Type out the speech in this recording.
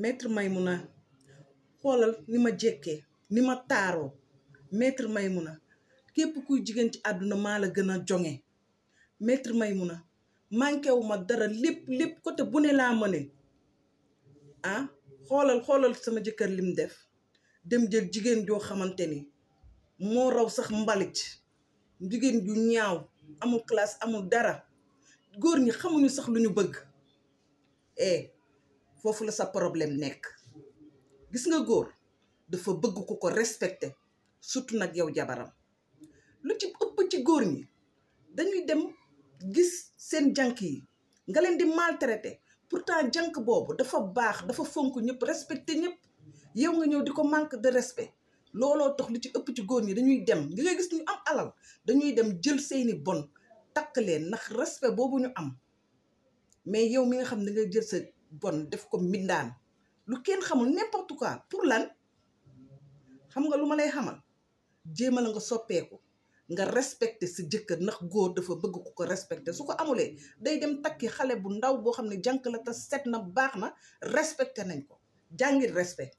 may maître Maimouna xoolal ni ma jekkee ni ma taaroo may maître Maimouna képp kuy jigéen ci àdduna maa la gën a joŋe maître Maimouna manqué wu ma dara lépp lépp côté bu ne laa mëne ah xoolal xoolal sama jëkkër lim def dem jël jigéen joo xamante ni moo raw sax mbalit jigéen ju ñaaw amul classe amul dara góor ñi xamuñu sax lu ñu bëgg eh foofu la sa problème nekk gis nga góor dafa bëgg ku ko respecter surtout nag yow jabaram lu ci ëpp ci góor ñi dañuy dem gis seen jànk yi nga leen di maltraiter pourtant jànk boobu dafa baax dafa fonk ñëpp respecter ñëpp yow nga ñëw di ko manque de respect looloo tax lu ci ëpp ci góor ñi dañuy dem nga ngay gis ñu am alal dañuy dem jël seeni bon takk leen ndax respect boobu ñu am mais yow mi nga xam ne nga jël sa bon def ko mbindaan lu kenn xamul n'importe quoi pour lan xam nga lu ma lay xamal jéema la nga soppeeku nga respecté sa jëkkër ndax góor dafa bëgg ko ko respecté su ko amulee day dem takki xale bu ndaw boo xam ne jànk la te set na baax na respecté nañ ko jàngil respect